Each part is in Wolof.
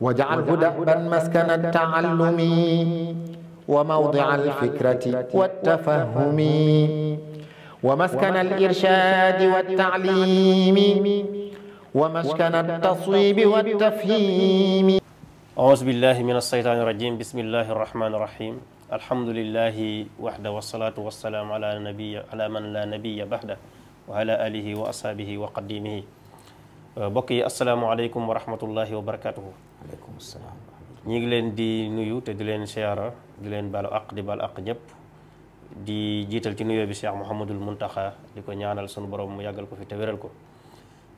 واجعله دأبا مسكن التعلم وموضع الفكرة والتفهم ومسكن الإرشاد والتعليم ومسكن التصويب والتفهيم أعوذ بالله من الشيطان الرجيم بسم الله الرحمن الرحيم الحمد لله وحده والصلاة والسلام على نبي على من لا نبي بعده وعلى آله وأصحابه وقديمه بقي السلام عليكم ورحمة الله وبركاته aleykum salaam ñu ngi leen di nuyu te di leen siyaara di leen balu aq di balu aq ñépp di jiital ci nuyoo bi Cheikh Mouhamadul Muntaxa di ko ñaanal sunu borom mu yàggal ko fi te wéral ko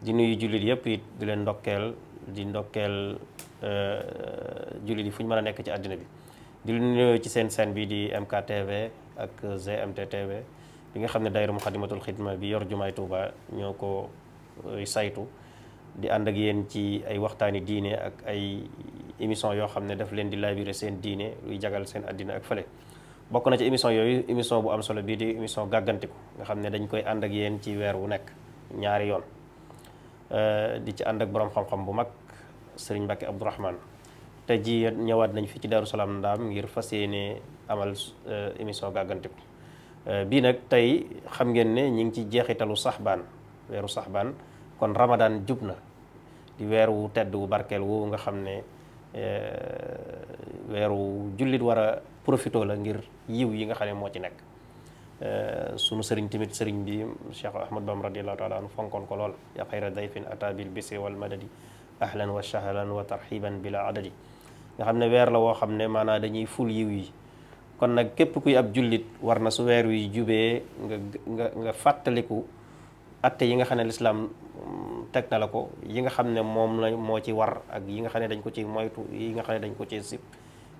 di nuyu jullit yëpp it di leen ndokkeel di ndokkeel euh, jullit yi fu ñu mën a nekk ci àddina bi di nuyu ci seen seen bi di MKTV ak GMT bi nga xam ne daayira Muxaddamatul Xidma bi yor jumaay Tuuba ñoo ko euh, saytu di ànd ak yéen ci ay waxtaani diine ak ay émission yoo xam ne daf leen di laabire seen diine luy jagal seen àddina ak fële bokk na ci émission yooyu émission bu am solo bii di émission gàggantiku nga xam ne dañ koy ànd ak yéen ci weer wu nekk ñaari yoon euh, di ci ànd ak borom xam-xam bu mag sëriñ Mbàkke Abdourahman te ji ñëwaat nañu fi ci Daaru Salaam Ndaam ngir fas yéene amal euh, émission gàggantiku euh, bii nag tey xam ngeen ne ñi ngi ci jeexitalu saxbaan weeru saxbaan kon Ramadan jub na di weer wu tedd wu barkeel woowu nga xam ne eh, weer wu jullit war a profité la ngir yiw yi nga xam ne moo ci nekk eh, sunu sëriñ tamit sëriñ bi Cheikh Ahmad Bam radiallahu taala anhu fonkoon ko lool ya xayra dayfin ata bil bisri wal madadi ahlan wa sahlan wa tarxiban bila adadi nga xam ne weer la woo xam ne maanaa dañuy ful yiw yi kon nag képp kuy ab jullit war na su weer wi jubee nga nga nga fàttaliku atte yi nga xam ne lislaam tegtale ko yi nga xam ne moom la moo ci war ak yi nga xam ne dañ ko ci moytu yi nga xam ne dañ ko ci sib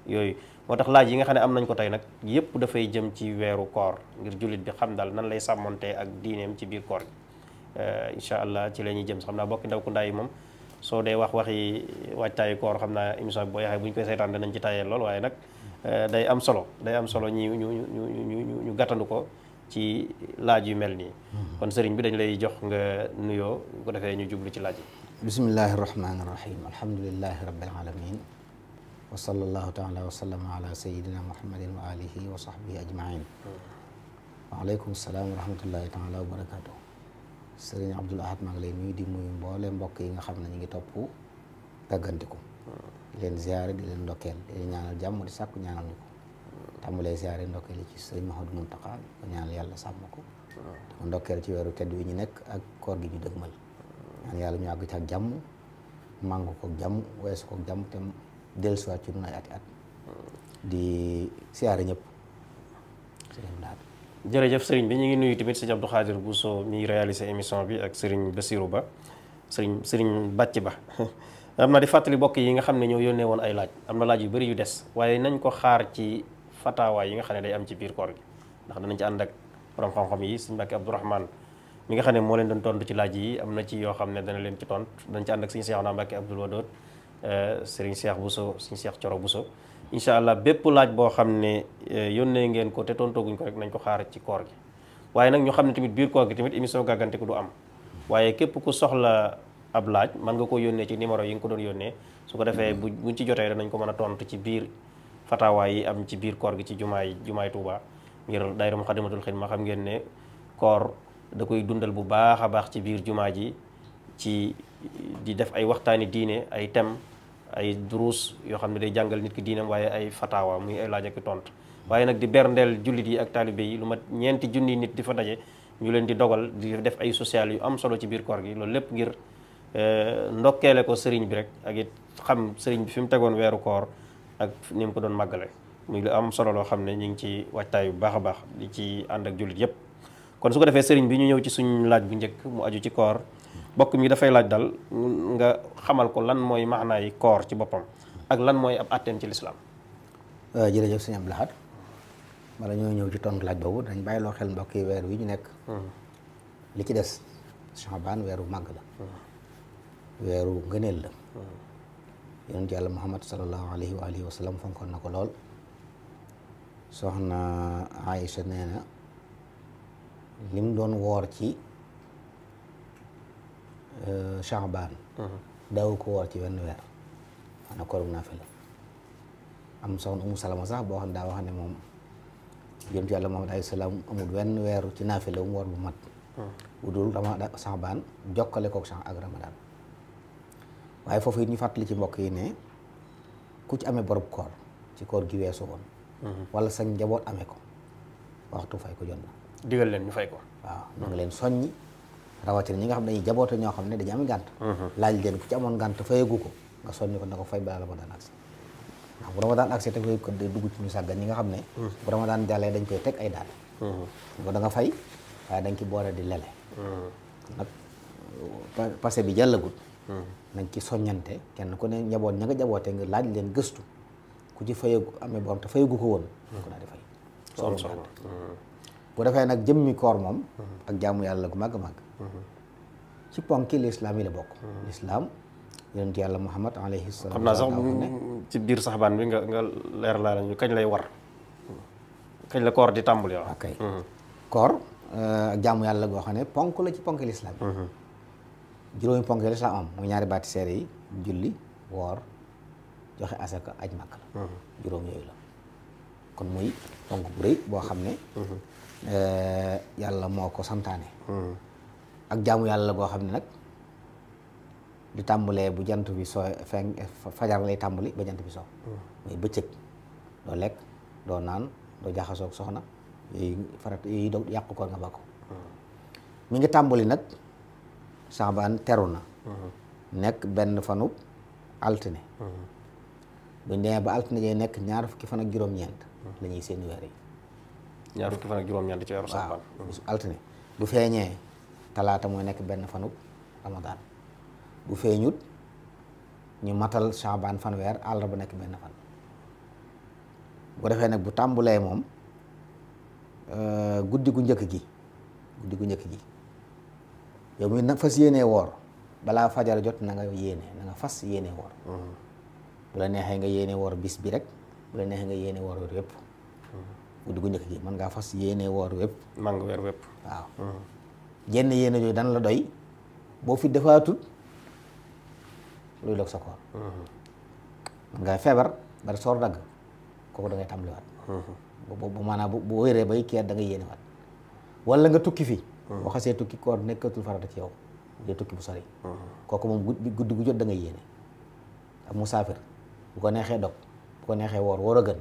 yooyu moo tax laaj yi nga xam ne am nañ ko tey nag yëpp dafay jëm ci weeru koor ngir jullit bi xam daal nan lay sàmmontee ak diineem ci biir koor gi euh, incha allah ci la ñuy jëm xam naa bokki ndaw ku ndaay yi moom soo dee wax waxi waajtaayu koor xam naa émission bi boo yaxee bu ñu koy seetaan danañ ci tayee lool waaye nag euh, day am solo day am solo ñu ñu ñu ñu ko ci laaj yu mel nii. Mhm. kon sëriñ bi dañ lay jox nga nuyoo bu ko defee ñu jublu ci laaj yi. bismillahi rahmaani rahim alhamdulillahi rabbil alamin wa sallallahu taala wa sallama ala sayidina muhammadin wa alihi wa sahbihi ajmain hmm. waaleykum salaam wa rahmatullahi taala wa barakaatu sëriñ Abdul Ahad maa ngi lay nuyu di nuyu mboole mbokk yi nga xam ne ñu ngi topp gàggantiku hmm. di leen ziare di leen ndokkeel di leen ñaanal jàmm di sàkku ñaanal ñu ko tàmbalee siyaare ndokkeel ci sëriñ Mouhamadou Mountakha ko ñaan yàlla sàmm ko ci weeru tedd wi ñu nekk ak koor gi ñu dëgmal ñaan yàlla ñu àgg ci ak jàmm màngu ko jàmm weesu ko jàmm te dellusiwaat ci nun ay ati at di siyaare ñëpp jërëjëf sëriñ bi ñu ngi nuyu tamit sëriñ Abdou Khadir Bousso mi réalisé émission bi ak sëriñ Bassirou Ba sëriñ sëriñ Bàcc Ba am na di fàttali bokk yi nga xam ne ñoo yónnee woon ay laaj am na laaj yu bëri yu des waaye nañ ko xaar ci fataawa yi nga xam ne day am ci biir koor gi ndax danañ ci ànd ak borom xam-xam yi suñu mbàkki abdourahman mi nga xam ne moo leen doon tontu ci laaj yi am na ci yoo xam ne dana leen ci tontu danañ ci ànd ak suñu seex naa mbàkki abdul wadood euh, sëriñ seex buso suñu seex coro buso incha allah bépp laaj boo xam ne euh, yónnee ngeen ko te ko rek nañ ko xaar ci koor gi waaye nag ñu xam ne tamit biir koor gi tamit émission ko du am waaye képp ku soxla ab laaj mën nga ko yónnee ci numéro yi nga ko doon yónnee su ko defee bu buñ ci jotee rek nañ ko mën a tontu ci biir fatawa yi am ci biir koor gi ci jumaa jumaay jumaay Touba ngir daayira Muxaddamatul Xidma xam ngeen ne koor da koy dundal bu baax a baax ci biir jumaa ji ci di def ay waxtaani diine ay tem ay duruus yoo xam ne day jàngal nit ki diinam waaye ay fatawa muy ay laaj ak tontu waaye nag di berndeel jullit yi ak taalibe yi lu mat ñeenti junni nit di fa daje ñu leen di dogal di def ay sociale yu am solo ci biir koor gi loolu lépp ngir eh, ndokkeele ko sëriñ bi rek ak it xam sëriñ fi mu tegoon weeru koor ak ni mu ko doon màggale muy lu am solo loo xam ne ñu ngi ci waajtaay bu baax a baax di ci ànd ak jullit yépp kon su ko defee sëriñ bi ñu ñëw ci suñu laaj bu njëkk mu aju ci koor bokk mi dafay laaj dal nga xamal ko lan mooy maanaa koor ci boppam ak lan mooy ab àtteem ci lislaam euh, jërëjëf sëñ Abdou Lahad bala ñoo ñëw ci ton laaj boobu dañ bàyyi loo xel mbokk yi weer wi ñu nekk hmm. li ci des Shaabaan weeru màgg la hmm. weeru ngëneel la hmm. yonent yàlla muhammad salallahu alayhi wa alihi wa sallam fonkoon na ko lool soxna Aïcha nee na lim doon woor ci euh, Shaaban mhm. daawu ko woor ci wenn weer maanaam koorug naa fi la am umu salama sax boo xam ne daa wax ne moom yonent yàlla muhammad alayhi salaam amul wenn weeru ci naafila mu woor bu mat bu mhm. dul rama jokkale kook ak ramadaan waaye foofu it ñu fàttali ci mbokk yi ne ku ci amee borob koor ci koor gi weesu woon mhm. wala sañ njaboot amee ko waxtu fay ko jot na digal leen ñu fay ko waaw ñu ngi leen soññi rawatina ñi nga xam ne dañuy jaboote ñoo xam ne dañu am gànt mhm. laaj leen ku ci amoon gànt ko nga soññi ko na ko fay balaa ramadaan agsi ndax bu ramadaan agsi te fayu ko day dugg ci ñu sàggan ñi nga xam ne mhm. bu ramadaan jàllee dañ koy teg ay daal ko da fay waaye dañ ki boole di lele nag passé bi jàllagut nañ ci soññante kenn ku ne njaboot ña nga jabootee nga laaj leen gëstu ku ci fayagu amee boo xam ko woon mm. ko daal di fay soom solo mm. bu defee nag moom mm. ak jaamu yàlla gu màgg a mm-hmm. ponki lislaam yi la bokk mm-hmm. lislaam yonent yàlla muhammad alayhi salaam xam naa ci biir saxbaan bi nga nga leer kañ lay war la koor di tàmbali waaw ok ah, mm-hmm. euh, goo xam ne ponk la ci ponki lislaam yi juróomi ponk yi lislaam am muy ñaari baati seere yi julli woor joxe asaka aj màkk la juróom yooyu la kon muy ponk bu rëy boo xam ne eh, yàlla moo ko santaane ak jaamu yàlla la goo xam ne nag du tàmbalee bu jant bi soo fenk fajar lay tàmbali ba jant bi soo muy bëccëg doo lekk doo naan doo jaxasoog soxna yooyu farat yooyu yàqu koor nga ba ko mi ngi tàmbali nag Saabaan teru na. Mhm. nekk benn fanub altine. Mhm. bu ñu demee ba altine jee nekk ñaar fukki fan ak juróom-ñeent. Mhm. la ñuy seen weer yi. ñaar fukki fan altine bu feeñee talaata mooy nekk benn fanub ramadaan bu feeñut ñu matal Saabaan fanweer àllarba nekk benn fan. bu defee nag bu tàmbulee moom euh, guddi gu njëkk gi guddi gu njëkk gi. yow mi nag fas yéenee woor balaa fajar jot na nga yéene na nga fas yéene woor mm-hmm. bu la neexee nga yéene woor bis bi rek bu la neexee nga yéene woor wér wépp mm-hmm. guddi gu njëkk gi mën ngaa fas yéene woor wépp mang weer wépp waaw jenn mm-hmm. yéene jooyu dana la doy boo fi defaatut luy loog sa koor mën ngaa feebar bari soor dagg kooku da ngay tàmbaliwaat bu maanaam bu wéree bay keer da ngay yéene waat wala nga tukki fi Hmm. boo xasee tukki koor nekkatul farata ci yow tukki bu sori hmm. kooku moom guddi gu jot da nga yéene ak musaafir bu ko neexee dog bu ko neexee woor woor a gën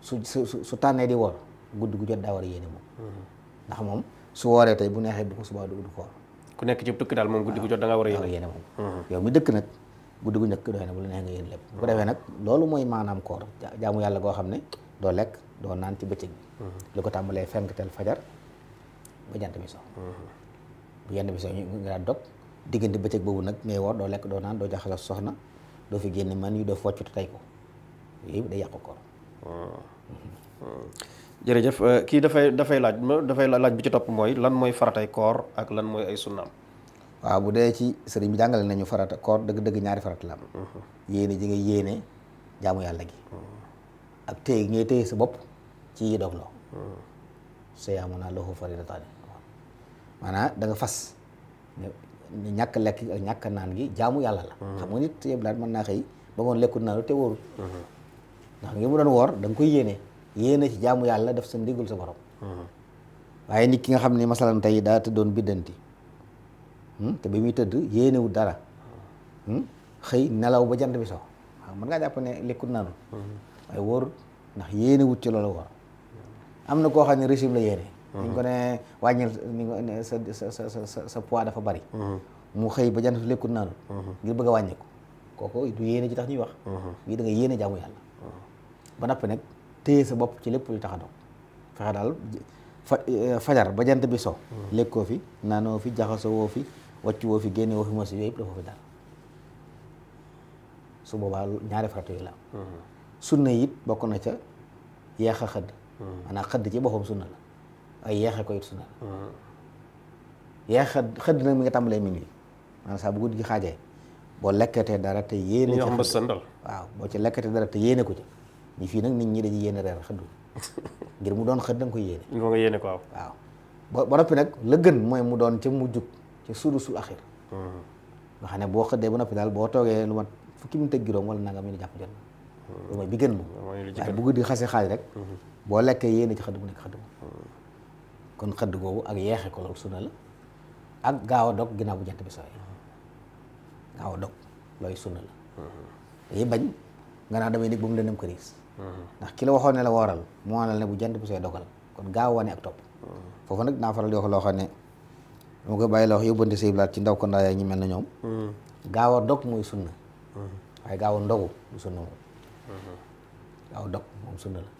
su su su tànnee di woor guddi gu jot daa war a yéene moom hmm. ndax moom su bu neexee bu ko subaa du du koor ku nekk ci tukki daal moom guddi gu jot da war a yéene moom yow mi dëkk nag guddi gu nekk doy na bu la neex nga yéen lépp bu defee nag loolu mooy maanaam koor jaamu yàlla goo xam ne doo lekk doo naan ci bëccëg bi lu ko tàmbalee fenk teel fajar ba jant bi so bu jant bi so ñu boobu nag ngay woor doo lekk doo naan doo jaxasoo soxna doo fi génn man yu doo focc tey ko yooyu hmm. euh, kii dafay dafay laaj ma dafay laaj bi ci topp mooy lan mooy faratay koor ak lan mooy ay sunnaam waaw bu dee ci sëriñ bi jàngale nañu farat koor dëgg-dëgg ñaari farat la am hmm. yéene ji nga yéene jaamu yàlla gi hmm. ak téye ngay téye sa bopp ci yi dogloo sa yaamu naa loxo faridataani maanaam da nga fas ñàkk lekk ñàkk naan gi jaamu yàlla la mm-hmm. xam nga nit yëblaat mën naa xëy ba ngoon lekkul naanu te wóorul mm-hmm. ndax ngi mu woor da nga koy yéene yéene ci jaamu yàlla def sa ndigal sa borom mm-hmm. waaye nit ki nga xam ne masalan tey daa tëddoon biddanti hmm, te bi muy tëdd yéenewul dara hmm, xëy nelaw ba jant bi so waaw mën ngaa jàpp ne naanu waaye wóorul ndax yéenewut ci loolu woor am na koo xam ne régime la yéene ni ñu ko ne wàññil ni ko sa sa sa sa pois dafa bari mu xëy ba jant lekkul naanu ngir bëgg a wàññi ko kooku du yéene ci tax ñuy wax lii da nga yéene jaamu yàlla ba noppi nag téye sa bopp ci lépp lu tax a dog fexe daal euh, fajar ba jant bi so lekkoo fi naanoo fi jaxasoo fi wàcc woo fi génne woo fi mosi yooyu yëpp dafa fi dara su boobaa ñaari farata yi la hmm. sunna it bokk na ca yeex a xëdd maanaam xëdd ci boppam sunna la ay yeexe ko it sunna yeexe xëdd nag mi nga tàmbalee min wi maanaam saa bu guddi gi xaajee boo lekkatee dara te yéene ci waaw boo ci lekkatee dara te yéene ko ci ñi fii nag nit ñi dañuy yéene reer xëddu ngir mu doon xëdd da nga koy yéene nga ko waaw waaw ba noppi nag la gën mooy mu doon ca mujjub ci sudu su axir nga xam ne boo xëddee ba noppi daal boo toogee lu mat fukki minute ak juróom wala nangam ñu ne jàpp jot na loolu mooy bi gën moom waaye bu guddi xasee xaaj rek boo lekkee yéene ci xëdd bu nekk xëdd bu kon xëdd googu ak yeexe ko loolu sunna la ak gaaw dog ginaaw bu jant bi sooyee gaaw a dog looy sunna la mhm. yi bañ nga naa damay nit bu mu lëndëm këriis mhm. ndax ki la waxoon ne la wooral mu wanal ne bu jant bi sooyee dogal kon gaaw wane ak topp mhm. foofu nag naa faral di wax loo xam ne dama koy bàyyi la wax yóbbante say blaat ci ndaw ko ndaw ñi mel na ñoom gaaw dog mooy sunna waaye gaaw a ndogu du sunna moom gaaw dog moom sunna la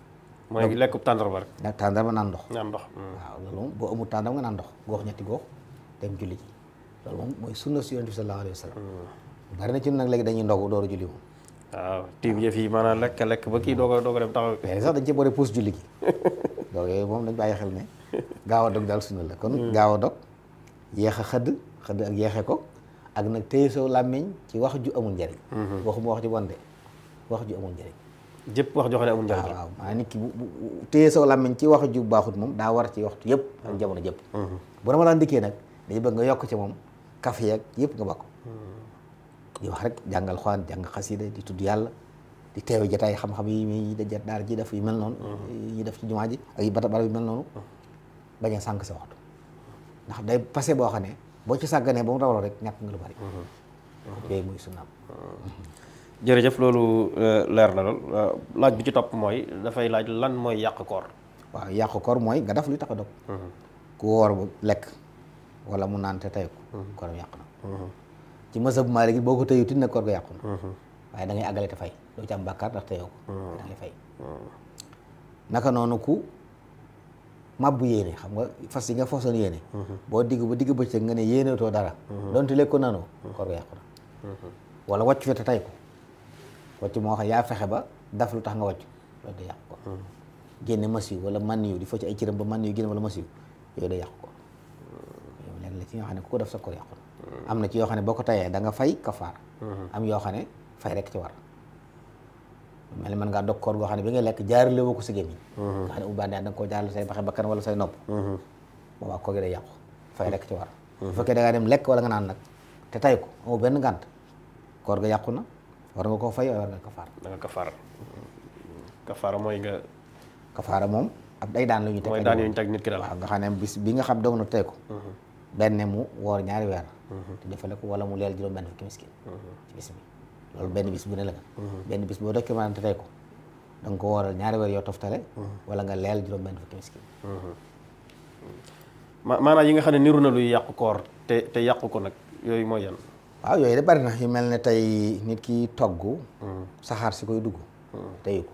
mooy lekkub tàndarma rek. nag tàndarma naan ndox. naan ndox hmm. waaw loolu moom boo amul tàndarma nga naan ndox goox ñetti goox dem julli ji loolu moom mooy sunna si yonent bi sallallahu alayhi wa sallam. Hmm. na ci nag léegi dañuy ndogu door a julli moom. waaw tiim yëf yi maanaam lekk lekk ba kii doog a doog a dem taxaw. mais sax dañ cee julli gi donc moom dañ bàyyi xel ne gaaw a dog daal sunna la kon hmm. gaawa a dog yéex a xëdd xëdd ak yeexe ko ak nag téye soo làmmiñ ci wax ju amul njëriñ waxuma wax ju bon de wax ju amul njëriñ jëpp wax joxe ne amul njariñ waaw maanaam nit ki bu téye saw làmmiñ ci wax ju baaxut moom daa war ci waxtu yëpp ak jamono jëpp mm-hmm. bu ramadan dikkee nag dañu bëgg nga yokk ci moom kafe yeeg yëpp nga bakko mm-hmm. di wax rek jàngal xuraan jàng xasida di tudd yàlla di teewe jataay xam-xam yi muy dajat daara ji def yu mel noonu mm-hmm. yi def ci ji ak yi bata barab yu mel noonu bañ a sànq sa waxtu ndax boo xam ne boo ci sàgganee ba mu rek ñàkk nga lu bari yooyu muy sunnaam jërëjëf loolu euh, leer la lool euh, laaj bi ci topp mooy dafay laaj lan mooy yàq koor. waaw yàq koor mooy nga def luy tax a ku woor bu lekk wala mu naan te tey ko. kooram yàq na. boo ko tëyut ne yàqu na. waaye da ngay àggale te fay doo ci am bàkkaar ndax ko. fay. naka noonu ku mabbu yéene xam nga fas yi nga fosoon yéene. boo digg ba digg bëccëg nga ne yéenetoo dara. donte lekk ko naanoo. koor ga yàqu na. wala wàccu fi te tey ko. wàcc moo xam yaa fexe ba daf lu tax nga wàcc loolu day yàq ko hmm. génne masiw wala man yu di fo ci ay cëram ba man yu génne wala masiw yooyu day yàq ko hmm. léegi la xam ne ku ko def sa koor yàqu hmm. am na ci yoo xam ne boo ko tayee danga nga fay kafaar am yoo xam ne fay rek ci war mel ni mën ngaa dog koor goo xam ne bi ngay lekk jaarale ko sa gémmiñ nga xam ne ubbaan da nga koo jaarale say baxe bakkan wala say nopp boobaa koor gi day yàqu fay rek ci war bu fekkee da ngaa dem lekk wala nga naan nag te tay ko amoo benn ngànt koor ga yàqu na war nga koo fay war nga kafaara. da nga kafaara kafaara mooy nga. kafaara moom ab day daan lu ñu teg. mooy daan yu ñu teg nit ki daal waaw nga xam ne bis bi nga xam doog na tey ko. Mhm. mu woor ñaari weer. te mhm. ko wala mu leel juróom benn fukki miskin mhm. ci loolu benn bis bu ne la nga. benn bis boo documenté tey ko da nga ko wooral ñaari weer yoo toftale. wala nga leel juróom benn fukki miskin maanaam yi nga xam ne niru na luy yàqu koor te te yàqu ko nag yooyu mooy yan. waaw yooyu de bari na yu mel na tey nit ki togg saxaar si koy dugg teyu ko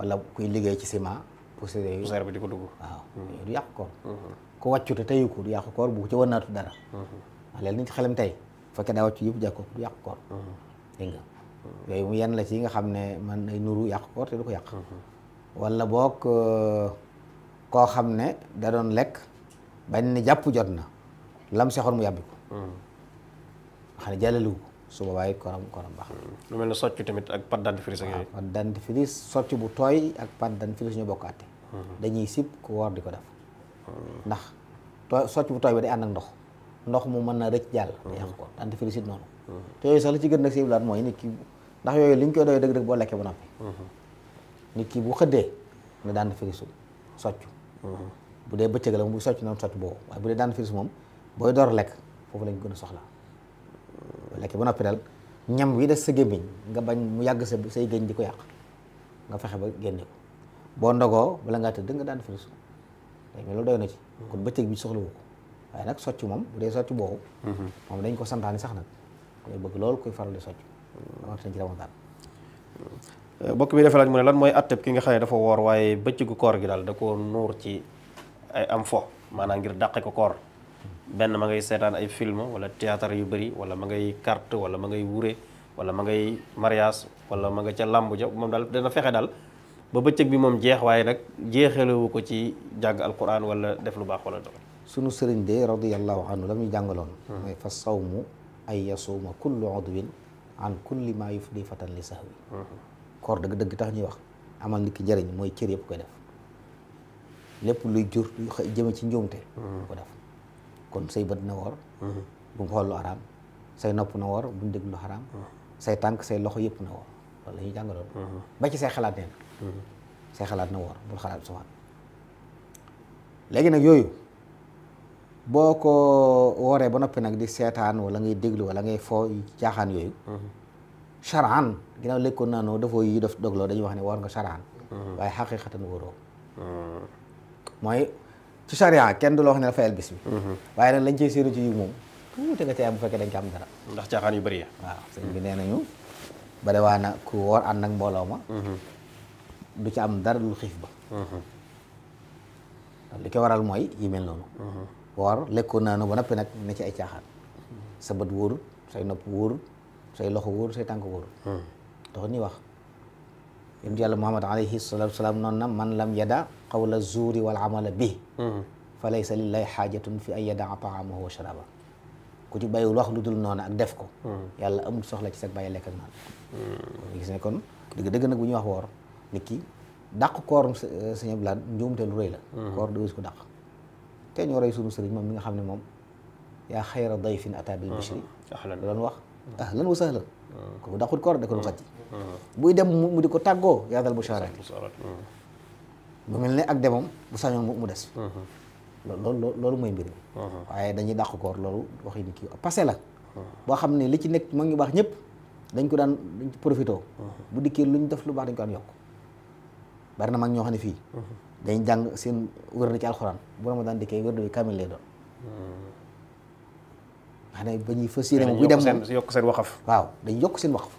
wala kuy liggéey ci ciment poussière poussière bi di ko dugg waaw hmm. du yàqu koor hmm. ku wàccute teyu ko du yàqu koor ci wanaatu dara hmm. waaw léegi nit xelam tey fekkee daa wàccu yëpp jàkko du yàqu koor yooyu mu yenn la ci yi nga xam ne man ay nuru yàq koor te du ko yàq wala boog euh, koo xam ne da doon lekk bañ ne jàpp jot na lam sexoon mu yàbbi ko xam ne jàllale wu su boobaa it koram koram baax na. lu mel ne socc tamit ak pâte dentifrice ak yooyu. pâte dentifrice socc bu tooy ak pâte dentifrice ñu bokkaate. Mhm. dañuy sib ku woor di ko def. Mhm. ndax tooy socc bu tooy bi day ànd ak ndox ndox mu mën na rëcc jàll. Mhm. day am ko dentifrice it noonu. te yooyu sax li ci gën nag si iblaat mooy nit ki yooyu liñ koy doyee dëgg-dëgg boo lekkee ba noppi. nit ki bu xëddee ne dentifrice socc. bu dee bëccëg la moom bu socc noonu socc boobu waaye bu dee dentifrice moom booy door lekk foofu lañ gën soxla. lekk ba noppi daal ñam wi des sa gémmiñ nga bañ mu yàgg sa say géñ di ko yàq nga fexe ba génne ko boo ndogoo bala ngaa tëdd nga daan firisu mais loolu doy na ci kon bëccëg soxlawu ko waaye nag socc moom bu dee socc mhm. dañ ko santaani sax nag koy bëgg loolu koy faral di socc rawatina ci ramadan euh, bokk bi dafa laaj mu ne lan mooy atteb ki nga xam ne dafa woor waaye bëccëgu koor gi daal da ko nuur ci ay am fo maanaa ngir dàqe ko koor benn ma ngay seetaan ay film wala théâtre yu bëri wala ma ngay carte wala ma ngay wure wala ma ngay mariage wala ma nga ca làmb ja moom daal dana fexe daal ba bëccëg bi moom jeex waaye nag jeexalewu ko ci jàng alquran wala def lu baax wala dara sunu sëriñ de radiallahu anhu la muy jàngaloon hmm. mooy fa sawmu ay yasuuma kullu udwin an kulli ma yufdi fatan li sahwi hmm. koor dëgg dëgg tax ñuy wax amal nit ki mooy cër yëpp koy def lépp jur jëme ci njuumte hmm. ko def kon say bët na woor mhm. bu mu xool lu say nopp na woor bu mu dégg mhm. say tànk say loxo yëpp na woor loolu la mhm. ba ci say xalaat nee say xalaat na woor bul xalaat sufaan léegi nag yooyu boo ko wooree ba noppi nag di seetaan wala ngay déglu wala ngay foo jaaxaan yooyu charan ginnaaw lekkoon naa noo dafoo yi daf dogloo dañuy wax ne woor nga saraan waaye xaqiqatan wóoroo mooy ci charia kenn du la wax ne la fayal bi mhm. waaye nag lañ cey séenu ci yiw moom tuuti nga ci am bu fekkee dañ ci am dara ndax caaxaan yu bëri waaw sëñ bi nee nañu bari waa na ku woor ànd ak mbooloo mhm. du ci am dara lu xiif ba mhm. li ko waral mooy yi mel noonu woor lekkoon naanu ba noppi nag ne ci ay caaxaan sa bët wóorul say nopp wóorul say loxo wóorul say tànk wóorul tax ni wax yéen yàlla Muhammad alayhi salaatu salaam noonu na man lam yada qawla zuuri wal amala bi hmm. fa laysa lillahi xaajatun fi an yadaa taamahu wa sharaba ku ci bàyyiwul wax lu dul noonu ak def ko hmm. yàlla amul soxla ci sag bàyyi lekk ak naan ko hmm. ne kon dëgg dëgg nag bu ñuy wax woor nit ki dàq koor euh, sëñ Blaan njuumte lu rëy la ko dàq te ñoo rey sunu sëriñ moom mi nga xam ne moom yaa xayra dayfin ataa bil bishri doon wax wa sahlan bu dàqut da ko lu xaj buy mu di ko tàggoo yaadal busharati lu mel ne ak demam bu sañoon mu des. loolu mhm. loolu loolu mooy mbir mhm. waaye dañuy dàq koor loolu waxi ni kii passé la. Mhm. boo xam ne li ci nekk mag ñu baax ñëpp dañ ko daan dañ profité. bu dikkee lu ñu def lu baax dañ ko daan yokk bari na mag ñoo xam ne fii. dañ jàng seen wërd ci alxuraan bu ramadan dikkee wërd bi kamil lay doon. xanaa ba ñuy fas yéene bu dem yokk seen waxaf. waaw dañ yokk seen waxaf.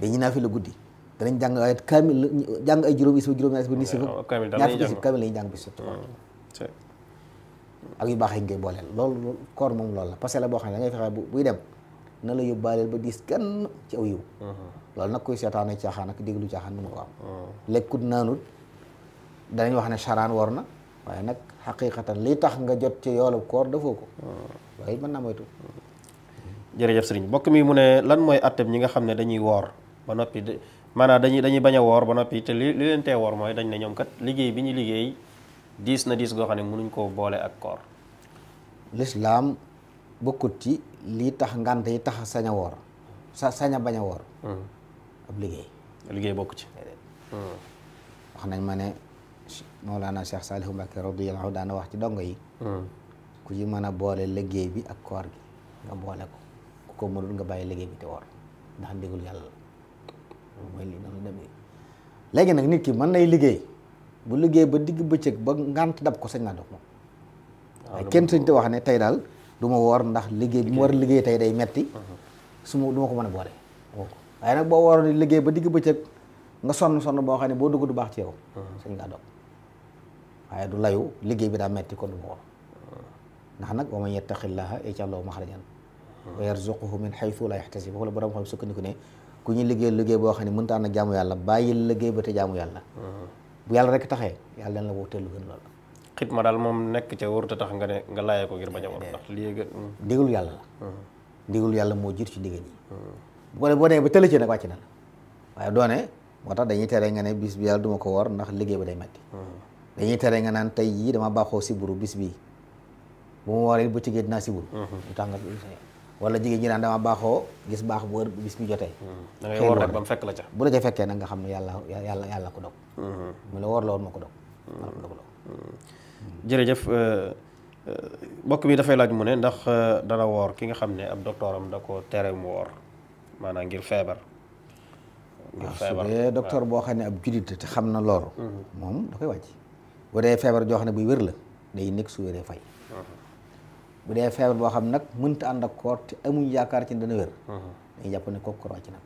dañuy naa fi la guddi. danañ jàng ayat kaamil jàng ay juróom isib juróom ñaar isib nisif ñaar fukki isib kaamil la ñuy jàng bis ak yu baax yi ngay booleel loolu koor moom loolu la parce que la boo xam ne da ngay fexe buy dem na la yóbbaaleel ba diis kenn ci aw yiw loolu nag kuy seetaane caaxaan ak déglu caaxaan mënu ko am lekkut naanut danañ wax ne charaan war na waaye nag xaqiqatan li tax nga jot ci yoolu koor defoo ko waaye mën naa moytu jërëjëf sëriñ mbokk mi mu ne lan mooy attem ñi nga xam ne dañuy woor ba noppi maanaam dañuy dañuy bañ a woor ba noppi te li li leen tee woor mooy dañ ne ñoom kat liggéey bi ñu liggéey diis na diis goo xam ne mënuñ koo boole ak koor lislaam bokkut ci lii tax ngànt yi tax sañ a woor sa sañ a woor hmm. ab liggéey liggéey bokk ci hmm. wax nañ ma ne Mawlana Cheikh Salihu Mbacké xam daana wax ci dongo yi hmm. ku ci mën a boole liggéey bi ak koor gi nga boole ko ku ko mënul nga bàyyi liggéey bi te woor ndax ndigul yàlla la mooy li noonu léegi nag nit ki mën nay liggéey bu liggéey ba digg bëccëg ba ngànt dab ko sañ naa dog moom waaye ah, kenn sañ te wax ne tey daal duma war ndax liggéey bi mu war a tey day metti uh-huh. su ma du ko mën a boole oh. waaye nag boo waroon liggéey ba digg bëccëg nga sonn sonn boo xam ne boo dugg du baax ci yow uh-huh. sañ naa dog waaye du layu liggéey bi daa metti kon du ma woor uh-huh. ndax nag wa man yattaqillaha yaj'al lahu maxrajan wa yarzuquhu min haythu la yahtasib foofu la sukkandiku ne ku ñu liggéey liggéey boo xam ne mënta ànd ak jaamu yàlla bàyyi liggéey ba te jaamu yàlla mm-hmm. bu yàlla rek taxee yàlla dana la wuteel lu gën loolu xitma daal moom nekk ca warut a tax nga ne nga laayee ko ngir bañ a war mm. yàlla la mm-hmm. yàlla moo jiitu ci ndigal yi mm-hmm. bu ko boo ba tëlë ci nag wàcc na la moo tax dañuy tere nga ne bis bi yàlla duma ko war ndax liggéey ba day metti dañuy tere nga naan tey jii dama baaxoo siburu bis bi bu ma waree ba tigee dinaa siburu lu tax nga wala jigéen ñi naan dama baaxoo gis baax bu wër bis bi jotee. Hmm. da ngay woor rek ba mu fekk la ca. bu la ca fekkee nag nga xam ne yàlla yàlla yàlla ko dog. Hmm. mu la woor la woon ko dog. Hmm. jërëjëf euh, euh, mbokk bi dafay laaj mu ne ndax euh, dana woor ki nga xam ne ab docteuram da ko tere mu woor maanaa ngir feebar. ngir feebar su boo xam ne ab julit te xam na loolu. moom da koy wàcc. bu dee feebar joo xam ne buy wér la day nekk su wéree fay. bu dee feebar boo xam nag mënta ànd ak koor te amuñ yaakaar ci dana wér mhm. dañuy jàpp ne kooku koor wàcc na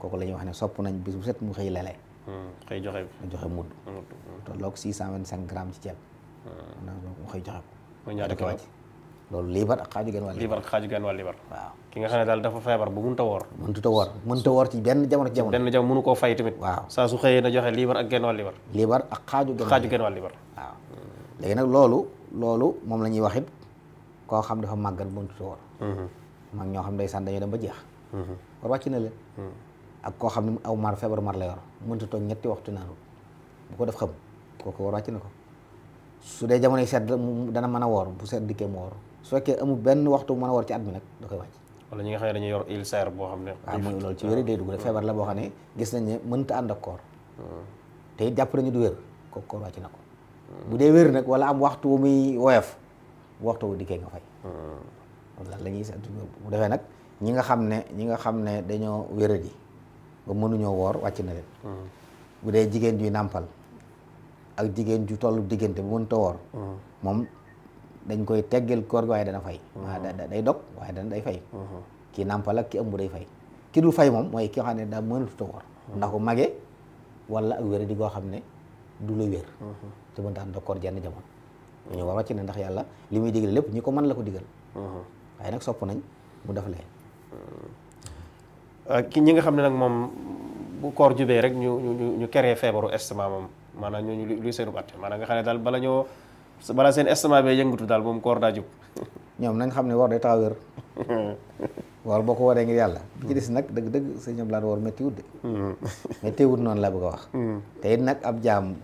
kooku la ñuy wax ne sopp nañ bis bu set mu xëy lele mhm. xëy joxe mu joxe mudd mhm. tolloog six cent vingt cinq ci ceeb maanaam mu xëy joxe ko ñaata ko wàcc loolu liibar ak xaaju genn wàll liibar ak xaaju genn wàll liibar waaw ki nga xam ne daal dafa feebar bu mënta woor mënta woor mënta woor ci benn jamono ci jamono benn jamono mënu koo fay tamit waaw saa su xëyee na joxe liibar ak genn wàll liibar liibar ak xaaju genn wàll liibar waaw léegi nag loolu loolu moom la ñuy wax it koo xam dafa màggat bu ñu woon mm-hmm. mag ñoo xam ndeysaan dañoo dem ba jeex war mm-hmm. wàcc na leen mm-hmm. ak koo xam ne aw mar feebar mar la yor mënta toog ñetti waxtu naanu bu ko def xam kooku war wàcc na ko su dee jamonoy sedd dana mën a woor bu sedd dikkee mu woor su fekkee amul benn waxtu bu mën a woor ci at mi nag da koy wàcc wala ñu nga xam ne dañuy yor ulcère boo xam ne waaw ah, mu loolu ci wéri day dugg feebar la boo xam ne gis nañ ne mënta ànd ak koor te it jàpp nañu du wér kooku na ko bu waxtu di dikkee nga fay. lan hmm. la ñuy bu defee nag ñi nga xam ne ñi nga xam ne dañoo wéradi ba mënuñoo woor wàcc na leen. Hmm. bu dee jigéen juy nàmpal ak jigéen ju tollu diggante bu mënta woor. Hmm. moom dañ koy teggeel koor gi waaye dana fay. waaw day dog waaye dana day fay. ki nàmpal ak ki ëmb day fay. ki du fay moom mooy ki nga xam ne daa mënatu woor. ndax ko magee wala ak wéradi goo xam ne du la wér. te mënta ànd ak koor jenn jamono. ñu war wàcc ne yàlla li muy digal lépp ñi ko mën la ko digal uh-huh. waaye nag sopp nañ mu def lee uh, ki ñi nga xam ne nag moom bu koor jubee rek ñu ñu ñu keree feebaru estomac moom maanaam ñooñu luy seenu atte maanaam nga xam ne daal bala ñoo bala seen estomac bee yëngatu daal moom koor daa jub ñoom xam ne war day taxaw wér boo ko waree ngir yàlla ci des nag dëgg-dëgg sëñ ñoom laa war métti wut de mm-hmm. métti wut noonu laa bëgg a wax mm-hmm. te nag ab jaam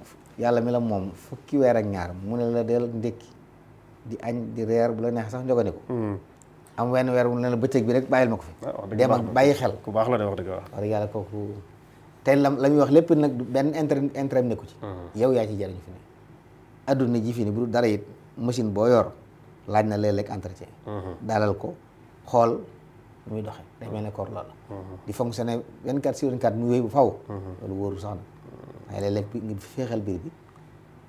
yàlla mi la moom fukki weer ak ñaar mu ne la del ndékki di añ di reer bu la neex sax njogani ko hmm. am wenn weer mu ne la bëccëg bi rek bàyyil ma ko fi ah, dem bàyyi xel ku baax la de wax dëgg wax dëgg yàlla kooku te la la muy wax lépp nag benn intérêt intérêt nekku ci hmm. yow yaa ci jariñu fi ne adduna ji fi ne bu dara it machine boo yor laaj na léeg-léeg entretien hmm. dalal ko xool muy doxee day mel ne koor loolu di fonctionner vingt quatre sur vingt quatre mu wéy bu faw waaye léeg-léeg ngir féexal biir bi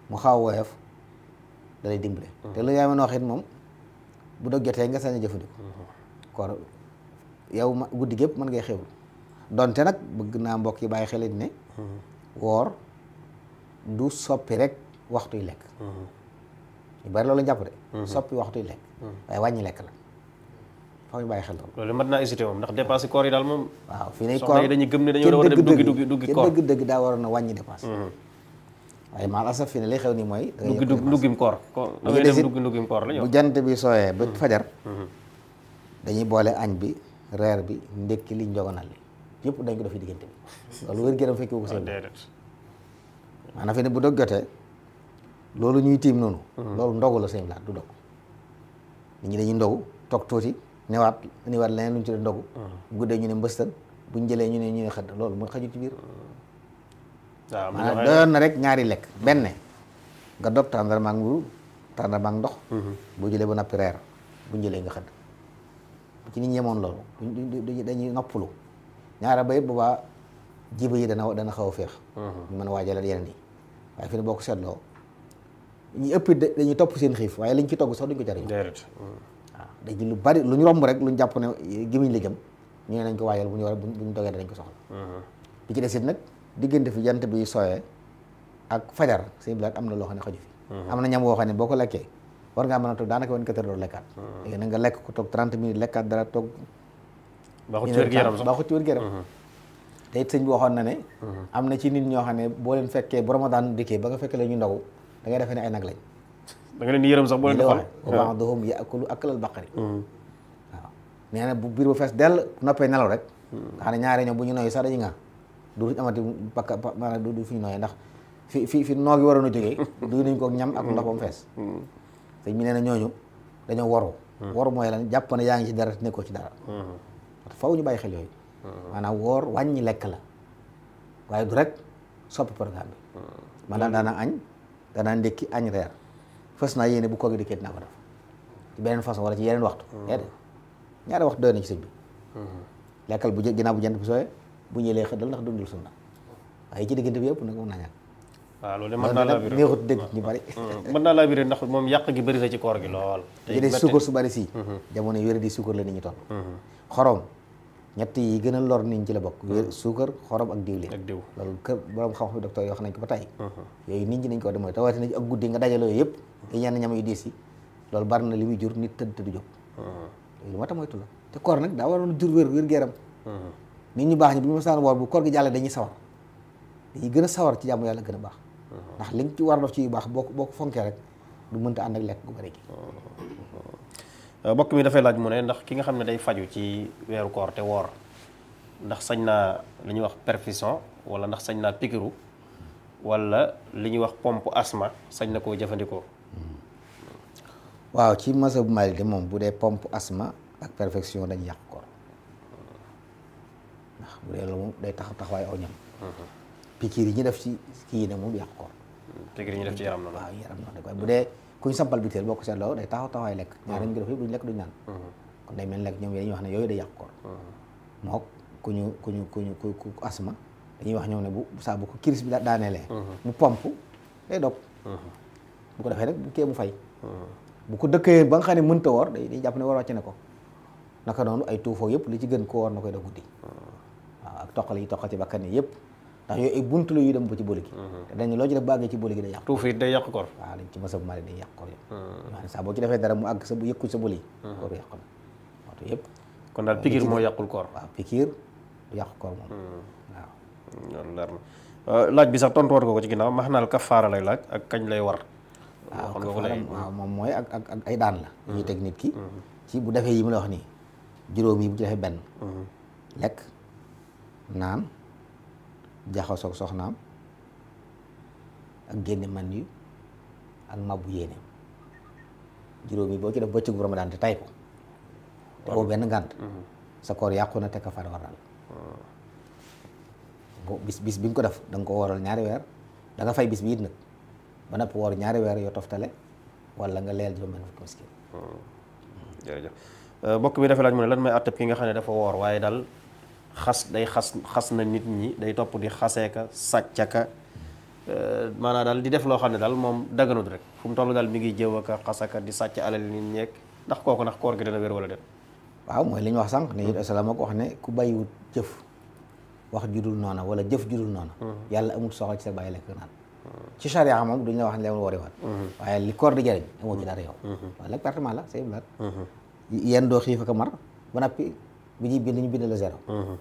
mu xaw a woyof da lay dimbale. Mm-hmm. te lu yaay mën a moom bu dog jotee nga sañ a mm-hmm. kon yow ma guddi gépp mën ngay xewlu donte nag bëgg naa mbokk yi bàyyi xel it ne. Mm-hmm. woor du soppi rek waxtu yi lekk. ñu bari loolu jàpp de. soppi waxtu lekk. waaye wàññi lekk la. fa ñu bàyyi xel loolu mën naa hésité moom ndax dépense koor yi daal moom waaw fii ne koor yi dañuy gëm ne dañoo war a dem duggi duggi duggi koor dëgg dëgg daa waroon a wàññi dépense mm-hmm. waaye maal asaf fii ne li xew ni mooy duggi duggim koor da ngay dem duggi duggim koor la bu jant bi sooyee ba mm-hmm. fajar mm-hmm. dañuy boole añ bi reer bi ndékki li njogonal li yëpp dañ ko def diggante bi loolu wér-gu-yaram fekki ko seen ah, maanaam fi ne bu dog jotee loolu ñuy tiim noonu loolu ndogu la seen laat du dog nit ñi dañuy ndogu toog tuuti newaat newaat leneen lu ñu ci doon dogu. Hmm. guddee ñu ne mbëstal bu ñu jëlee ñu ne ñu ne xëdd loolu mooy xaju ci biir. waaw maanaam na rek ñaari lekk benn nga dog tàndarma ak mburu tàndarma ak ndox. Hmm. boo jëlee ba nappi reer bu ñu jëlee nga xëdd. ci nit ñi yemoon loolu duñ dañuy noppalu ñaara ba yëpp boobaa jiba yi dana dana xaw a féex. Hmm. ñu mën a waajalal yeneen yi waaye fi ne boo ko seetloo ñu ëpp dañuy topp seen xiif waaye lañ ci togg sax duñ ko jariñ. dañu lu bari lu ñu romb rek lu ñu jàpp ne gémmiñ la jëm ñu ne nañ ko waajal bu ñu war bu ñu dogee dañ ko soxla mm-hmm. bi ci des it nag diggante fi jant bi sooyee ak fajar sëñ bi am na loo xam ne xaju fi mm-hmm. am na ñam woo xam ne boo ko lekkee war ngaa mën a toog daanaka wan quatre heures lekkaat mm-hmm. léegi nga ko toog trente minutes lekkaat dara toog baaxut ci wér gu yaram sax baaxut ci wér gu sëñ bi waxoon na ne am na ci nit ñoo xam ne boo leen fekkee bu Ramadan dikkee ba nga fekkee la ñu ndogu da ngay defee ne ay nag lañ da nga leen di yërëm sax boo leen di xoolee wa ba'duhum ya'kulu aklal baqari hmm. waaw nee na bu biir bu fees dell noppee nelaw rek nga xam ne ñaari bu ñu nooyi sax dañuy nga duutuñ amati pakk maanaam du fi ñu fi fi fi noogi waroon a jógee duy nañ ko ñam ak ndox ba mu fees sëñ hmm. bi nee na ñooñu dañoo waru hmm. waru mooy lan jàpp ne yaa ngi ci dara nekkoo ci dara faw ñu bàyyi xel yooyu maanaam woor wàññi lekk la waaye du rek soppi programme bi man daal daanaa añ daanaa ndékki añ reer fas naa yéene bu koor gi dikkee dinaa ko def ci beneen façon wala ci yeneen waxtu ñaari hmm. ñaari waxtu doy na ci sëñ bi hmm. lekkal bu ginnaaw bu jant bi sooyee bu ñëwee xëddal ndax dundul sunna waaye ci diggante bi yëpp nag mën naa ñàkk waaw loolu mën naa laa biré neexut dégg hmm. ñu bari mën naa ndax moom yàq gi bëri na ci koor gi lool. te de suukar su bari si jamono yore di suukar la nit ñi toll xorom ñett yi gën a lor nit ñi ci la bokk hmm. suukar xorom ak diwlin ak diw loolu kër borom xam-xam bi docteur yi wax nañ ko ba tey hmm. yooyu nit ñi nañ ko war a mooy tawaate na ak guddi nga dajale yooyu yëpp yi ñenn ñam yu diis yi loolu bari na li muy jur nit tëdd tëdd jóg hmm. lu ma tax moytu la te koor nag daa waroon jur wér wér geeram nit ñu baax ñi bu ñu masaan woor bu koor gi jàllee dañuy sawar dañuy gën a sawar ci jàmm yàlla gën a baax ndax li nga ci war ci yu baax boo ko boo ko fonkee rek du mënta ànd ak lekk gu bari gi Euh, mbokk mi dafay laaj mu ne ndax ki nga xam ne day faju ci weeru koor te woor ndax sañ naa li ñuy wax perfusion wala ndax sañ naa pikiru wala li ñuy wax pompe asthme sañ na koo jëfandikoo. Hmm. waaw ci masa bu Maalik de moom bu dee pompe asthme ak perfection dañ yàq koor ndax bu dee tax taxawaay aw hmm. yi ñu def ci kii ne moom yàq koor. Hmm, pikiir yi ñu def ci yaram noonu. waaw yaram noonu bu dee. kuñ sampal biteel boo ko seetloo day taxaw taxawaay lekk ñaar ñu ko def yëpp duñ lekk duñ naan kon day mel lekk ñoom dañuy wax ne yooyu day yàq koor mook ku ñu ku ñu ku ñu ku asma dañuy wax ñoom ne bu saa bu ko kiris bi daaneelee mu pomp day dog bu ko defee nag bu kee mu fay bu ko dëkkee ba nga xam ne mënta woor day day jàpp ne war wàcc ne ko naka noonu ay tuufoo yëpp li ci gën ko war na koy def guddi waaw ak toqal yi toqal ci bakkan yi yëpp ndax yooyu ay buntu la yuy dem ba ci boole gi mhm. te dañ loo ci def bàggee ci boole gi day yàq koor waaw dañ ci masab mali day yàq koor yëpp mhm. maanaam saa boo ci defee dara mu àgg sa bu yëkku sa yi mhm. kon daal pikiir moo yàqul koor waaw pikiir du yàq koor moom euh, laaj bi sax tontu war nga ko ci ginnaaw max naal kafaara lay laaj ak kañ lay war waaw kafaara waaw moom mooy ak ak ak ay daan la ñuy teg nit ki ci bu defee yi mu la wax nii juróom yi bu ci defee benn lekk naan jaxasoog soxnaam ak génne man yu ak mabbu yéeneem juróom yi boo ci def bëccëg bu ramadaan te tay ko te boo benn ngànt mhm. sa koor yàqu na te kafara waral bo bis bi nga ko def da ko waral ñaari weer danga fay bis bi it nag ba napp woor ñaari weer yoo toftale wala nga leel juróom benn fukki miskin hmm. jërëjëf euh, bi dafa laaj mu ne lan may àttab ki nga xam ne dafa woor waaye daal xas day xas xas na nit ñi day topp di xaseeka sàccaka euh, maanaam daal di def loo xam ne daal moom daganut rek fu mu toll daal mi ngi jëw aka xasaka di sàcc alal nit ñeeg ndax kooku ndax koor gi dana wér wala den waaw mooy li ñu wax sànq ne yéen salaam ak wax ne ku bàyyiwut jëf wax judul noona wala jëf judul noona mhm. yàlla amul soxla ci sa bàyyi lekk naan ci charia moom duñu la wax ne leen woori waat mhm. waaye li di jëriñ amoo ci mhm. dara yow wala pertement la c'est blaat yéen doo xiif ak mar ba noppi bi ñuy bind ñu bind la zéro mhm.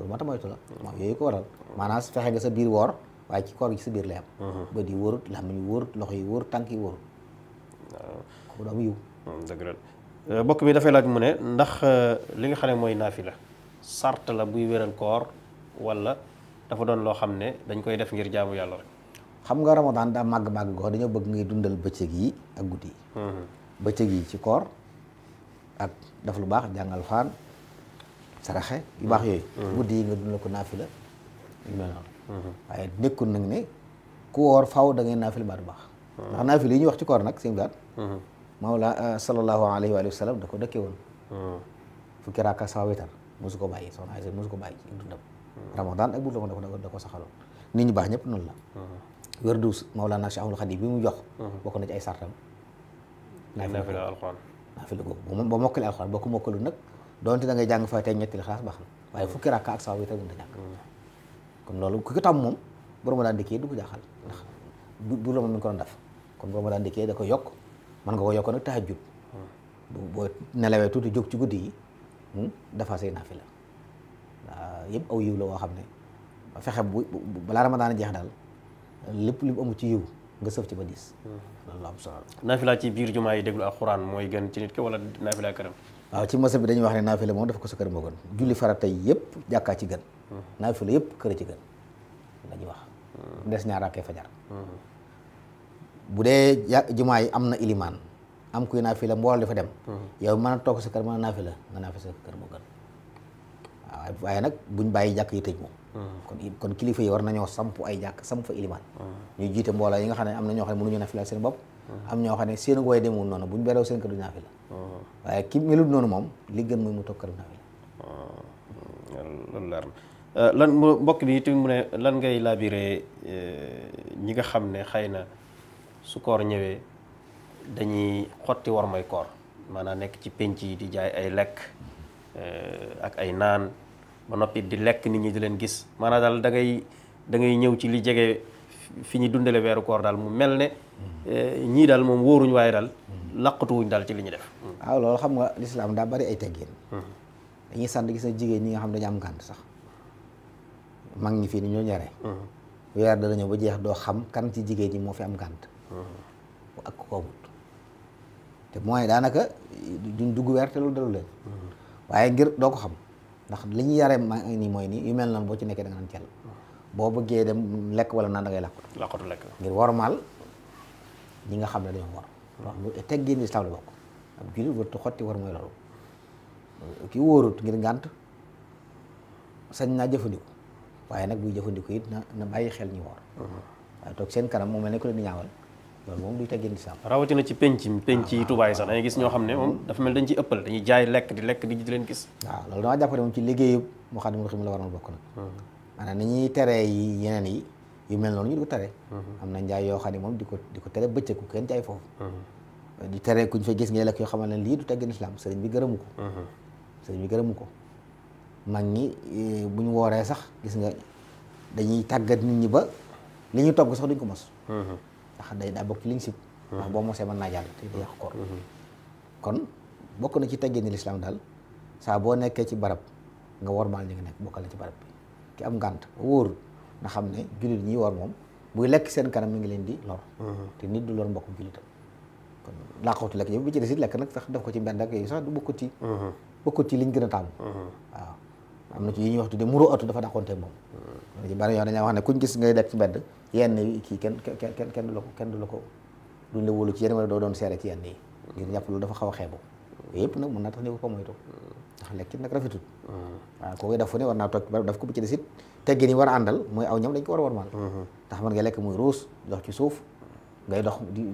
loolu moo tax yooyu ko waral maanaam fexe nga sa biir woor waaye ci koor gi ci sa biir la yam mhm. bët yi wóorut làmmiñ yi wóorut loxo yi wóorut tànk yi wóorut ku doom yiw mm, la euh, bokk bi dafay laaj mu ne ndax euh, li nga xam ne mooy la sart la buy wéral koor wala dafa doon loo xam ne dañ koy def ngir jaamu yàlla rek xam nga ramadan daa màgg-màgg goo dañoo bëgg ngay dundal bëccëg yi ak guddi yi mhm. bëccëg yi ci koor ak daf lu baax jàngal faan saraxe yu baax yooyu guddi mm-hmm. yi nga la ko naafila mm-hmm. waaye nekkul nag ne ku woor faaw da ngay naafila mbaa baax mm-hmm. ndax naafila yi ñu wax ci koor nag seen gaat mawla euh, sallallahu alayhi wa sallam da ko dëkkee woon fukki raaka saa witar mosu ko bàyyi soxna Aysa mosu ko bàyyi ci dundam ramadan ak bu dama da ko saxaloon nit ñu baax ñëpp noonu la wér du Mawlana Cheikh Ahmadou Khadim bi mu jox bokk na ci ay sartam naafila alxuraan naafila googu ba mokkale alxuraan boo ko mokkalu nag donte da ngay jàng fay ñetti li xalaas baax na waaye fukki rakka ak saw bi tamit nga jàng kon loolu ku ko tam moom bu Ramadan dikkee du ko jaaxal ndax du la ko doon def kon bu Ramadan dikkee da ko yokk mën nga ko yokk nag tahajjud boo nelawee tuuti jóg ci guddi yi hmm, dafa say naafila woo xam ne fexe bu balaa Ramadan jeex daal lépp li amu ci yiw nga sëf ci ba diis hmm. loolu am solo naafila ci biir jumaa yi déglu alxuraan mooy gën ci nit ki wala naafila këram waaw ci mos bi dañuy wax ne naafila moom dafa ko sa kër moo gën julli farata yëpp jàkkaa ci gën la yëpp kër ci gën dañuy wax des ñaar fajar bu dee jumaa yi am na ilimaan am kuy naafila mbooloo dafa dem yow mën a toog sa kër mën a naafila nga naafila sa kër moo gën waaw waaye nag buñ bàyyi jàkk yi tëj moom kon kon kilifa yi war nañoo samp ay jàkk samp fa ilimaan ñu jiite mbooloo yi nga xam ne am na ñoo xam ne mënuñu naafila seen bopp am ñoo xam ne seen woy demul noonu bu ñu berew seen këru naafi la ah. waaye ki melut noonu moom li gën mooy mu toog këru naafi la ah. hmm. euh, lan mu mbokk bi itam mu ne lan ngay labiré euh, ñi nga xam ne xëy na su koor ñëwee dañuy xotti war mooy koor maanaa nekk ci pénc yi di jaay ay lekk euh, ak ay naan ba noppi di lekk nit ñi di leen gis maanaam daal da ñëw ci li jege fi ñu dundale weeru koor daal mu mel ne eh, ñii dal moom wóoruñ waaye daal mm-hmm. laqatuwuñ dal ci li ñu def waaw ah, loolu xam nga lislaam daa bari ay teggin mm-hmm. dañuy sant gis na jigéen ñi nga xam dañu am ngànt sax mag ñi fii ni ñu ñare mm-hmm. weer dana ba jeex doo xam kan ci jigéen ñi moo fi am ngànt ak ko te mooy daanaka duñ dugg weer te loolu dalu leen waaye ngir doo ko xam ndax li ñu yare ma nii mooy nii yu mel noonu boo ci nekkee da nga naan cel boo bëggee dem lekk wala naan da ngay làqatu. làqatu lekk ngir wormaal ñi nga xam ne dañoo war. loolu lu teggin islam la bokk ab jullit warut xotti war mooy loolu ki wóorut ngir ngànt sañ naa jëfandiku waaye nag buy jëfandiku it na na bàyyi xel ñi woor. Hmm. waaye toog seen kanam mu mel ne ku leen di ñaawal loolu moom duy teggin islam. rawatina ci penc mi penc yi ah. tubaay sax dañuy gis ñoo xam ne moom dafa mel dañ ciy ëppal dañuy jaay lekk di lekk di leen gis. waaw loolu dama ci liggéeyu mu xam ne waroon bokk nag. Hmm. maanaam ni ñuy teree yi yeneen yi yu mel noonu ñu di tere mhm. am na njaay yoo xam ne moom di ko di ko tere bëccëg ku kenn jaay foofu mhm. di tere kuñ fa gis ngay lekk yoo xamal ne lii du teggin islam sëriñ bi gërëmu ko mhm. sëriñ bi gërëmu ko ñi e, bu ñu wooree sax gis nga dañuy tàggat nit ñi ba li ñu togg sax ko mos ndax day daa bokk ci liñ ndax boo mosee mën naa jàll te na ci teggin ni lislaam daal saa boo nekkee ci barab nga wormaal ñi nga nekk bokkal na ci barab bi ki am ngànt wóorul na xam ne jullit ñi war moom buy lekk seen kanam mi ngi leen di lor mm-hmm. te nit du lor mbokk jullitam kon laqawtu lekk yëpp bi ci des it lekk nag sax def ko ci mbend ak yooyu sax du bokkut ci mm-hmm. bokkut ci liñ gën a tàmm mm-hmm. waaw am na ci yi ñuy wax tudde muro atu dafa dàqoonte moom bari yoon dañaa wax ne kuñ gis ngay lekk ci mbedd yenn kii kenn kenn kenn du la ko kenn du la ko duñ la wóolu ci yenn wala doo doon seere ci yenn yi ngir ñàpp loolu dafa xaw a xeebu yooyu yëpp nag mën naa tax ni ko ko moytu ndax lekkin nag rafetul waaw kooku daf fu ne war naa toog daf ko bu ci des it teggin yi war a àndal mooy aw ñam dañ ko war a warmaal mhm. ndax mën nga lekk muy ruus dox ci suuf ngay dox di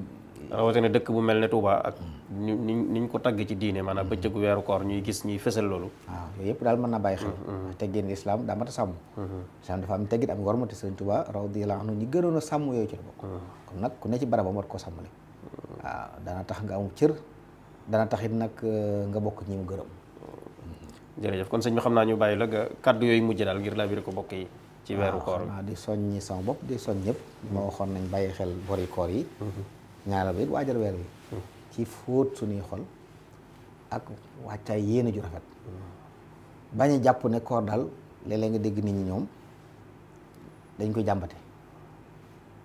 rawatina dëkk bu mel ne Touba ak mm. ni ni ko tagg ci diine maanaam mm. bëccëgu weeru koor ñuy gis ñuy fësal loolu waaw yooyu yëpp daal mën na bàyyi xel mm-hmm. teggin islam daa mat a sàmm mm-hmm. islam dafa am teggin am warmate sëriñ Touba radiyallahu anhu ñi gënoon a sàmm yooyu ci la bokk mm-hmm. kon nag ku ne ci barabam war koo sàmmale waaw dana tax nga am cër dana taxit nag euh, nga bokk ñi mu jërëjëf kon sëñ bi xam naa ñu bàyyi la nga kàddu yooyu mujj daal ngir laabire ko bokk yi ci ah, weeru koor bi di soññi sama bopp di soñ ñëpp moo mm-hmm. waxoon nañ bàyyi xel bori koor yi mm-hmm. ñaareel ba it waajal weer bi mm-hmm. ci fóot suñuy xol ak wàccaay yéene ju rafet bañ jàpp ne koor daal léeg-léeg nga dégg nit ñi ñoom dañ koy jàmbate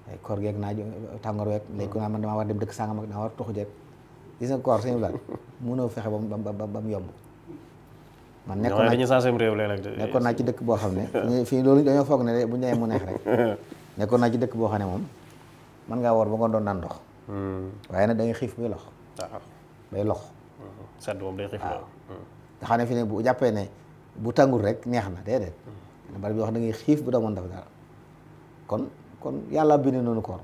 ay koor geeg naaj tàngoor weeg léegi naa man damaa war dem dëkk sàngam ak naa war tuxu jeeg gis nga koor sëñ bi daal mënoo fexe ba mu ba mu yomb man nekkoon naa dañu saasam réew léeg-léeg de ci dëkk boo xam ne fii loolu dañoo foog ne bu ñu nee mu neex rek nekkoon naa ci dëkk boo xam ne moom mën ngaa wor ba nga doon naan ndox hmm. waaye nag da ngay xiif bay lox waaw ah. bay lox hmm. sedd ah. hmm. ne fi jàppee ne bu tàngul rek neex na déedéet bari da ngay xiif bu damoon def dara kon kon yàlla bind noonu koor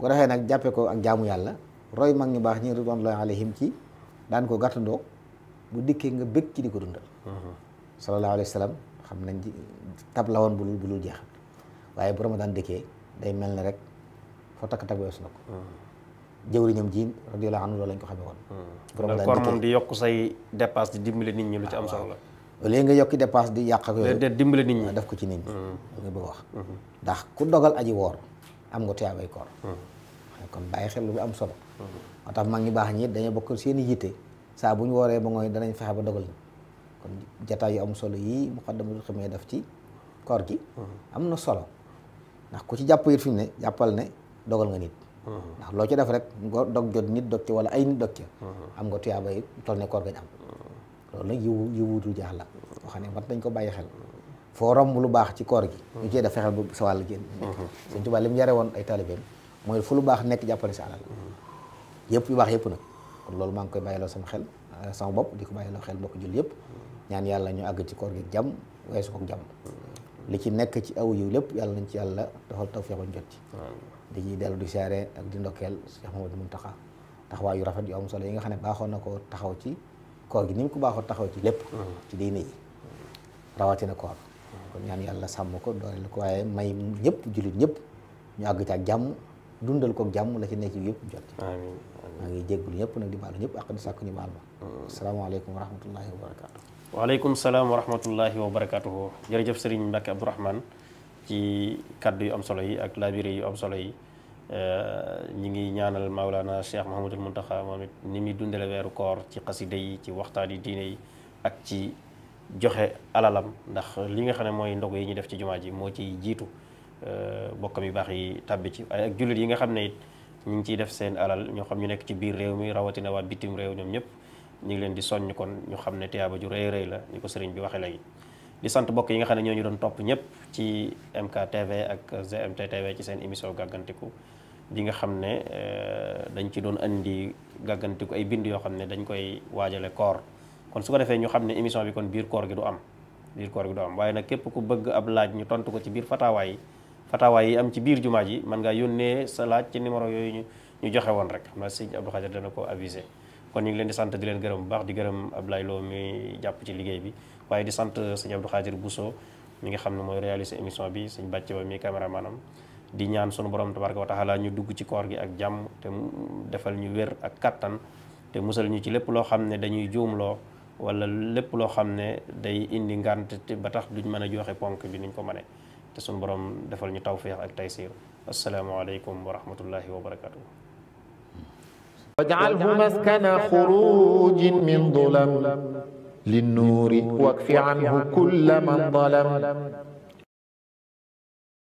bu defee nag jàppee ko ak jaamu yàlla roy mag ñu baax ñi ridwanullahi alayhim ci daan ko gàttandoo bu dikkee nga bëgg ci di ko dundal sallallahu alayhi wa sallam xam nañ ci tab la woon bu lul bu lul jeexal waaye bu ramadan dikkee day mel ne rek foo takk takk weesu na ko hmm. jëwriñam ji radiyallahu anhu loolu lañ ko xamee woon hmm. bu ramadan koor moom di yokk say dépense di dimbale nit ñi lu ci am solo la léegi nga yokki dépense di yàq ak yooyu dimbale nit ñi daf ko ci nit ñi hmm. nga bëgg wax ndax ku dogal aji woor am nga tuyaabay koor kon bàyyi xel lu am solo moo tax mag ñi baax ñi dañoo bokk seen i yitte saa bu ñu wooree ba ngooy danañ fexe ba dogal kon jataay yu am solo yii muqaddamatul xidma def ci koor gi mm-hmm. am na solo ndax ku ci jàpp yit fi mu ne jàppal ne dogal nga nit mm-hmm. ndax loo ci def rek nga dog jot nit dog ci wala ay nit dog ci mm-hmm. am nga tuyaaba yi toll ne koor gañ am loolu nag yiw yiwutu jaax la boo xam ne war dañ ko bàyyi xel foo romb lu baax ci koor gi ñu cee def fexeel ba sa wàll génn Sëñ Tuubaa li yare woon ay taalibeem mooy fu lu baax nekk jàppale sa alal yëpp yu baax yépp nag kon loolu maa ngi koy loo sama xel euh, sama bopp di ko bàyyiloo xel bokk jul yëpp ñaan yàlla ñu àgg ci koor gi jàmm weesu ko jàmm li ci nekk ci aw yiw lépp yàlla nañ ci yàlla doxal tawfeex bañ jot ci dañuy dellu di siyaare ak di ndokkeel Cheikh Mamadou Mountakha taxawaay yu rafet yu am solo yi nga xam ne baaxoon na ko taxaw ci koor gi ni ko baaxoo taxaw ci lépp hmm. ci diine yi rawatina koor ñaan yàlla sàmm ko dooleel ko waaye may ñëpp jullit ñëpp ñu àgg ci ak jàmm dundal ko jàmm la ci nekk yëpp jot ci maa ngi jéggul ñëpp nag di baalu ñëpp ak di sàkku ñu baal ma mm. waaleykum salaam wa rahmatullahi wa barakaatuhu jërëjëf sëriñ Mbacke Abdourahmane ci kaddu yu am solo yi ak labiré yu am solo yi euh, ñi ngi ñaanal Maulana Cheikh Mahamadul Muntaxa moom it ni muy dundale weeru koor ci xasida yi ci waxtaan yi diine ak ci joxe alalam ndax li nga xam ne mooy ndog yi ñu def ci jumaa ji moo ciy jiitu euh, bokkam yu baax yi tàbbi ci waaye ak jullit yi nga xam ne it ñu ngi ciy def seen alal ñoo xam ñu nekk ci biir réew mi rawatina waa bitim réew ñoom ñëpp ñu ngi leen di soññ kon ñu xam ne tiyaaba ju rëy rëy la ni ko sëriñ bi waxee léegi di sant mbokk yi nga xam ne ñoo ñu doon topp ñëpp ci MKTV ak GMT ci seen émission gàggantiku bi nga xam ne euh, dañ ci doon indi gàggantiku ay bind yoo xam ne dañ koy waajale koor kon su ko defee ñu xam ne émission bi kon biir koor gi du am biir koor gi du am waaye nag képp ku bëgg ab laaj ñu tontu ko ci biir fataawaay fatawaay yi am ci biir jumaa ji mën ngaa yónnee sa laaj ci numéro yooyu ñu ñu joxe woon rek xam naa sëñ Abdou Khadir dana ko avisé kon ñu ngi leen di sant di leen gërëm bu baax di gërëm Ablaye Lo mi jàpp ci liggéey bi waaye di sant sëñ Abdou Khadir Bousso mu ngi xam ne mooy réaliser émission bi suñ bàcc ba mi caméra maanaam di ñaan sunu borom tabaraka wa taala ñu dugg ci koor gi ak jàmm te defal ñu wér ak kattan te musal ñu ci lépp loo xam ne dañuy juumloo wala lépp loo xam ne day indi ngànt ba tax duñ mën a joxe ponk bi niñ ko mënee te suñu borom defal ñu tawfiix ak taysiir asalaamualeykum wa rahmatullahi wa barakaatu. waj'alhu maskana xurujin min dulam linnuuri wakfi anhu kulla man dalam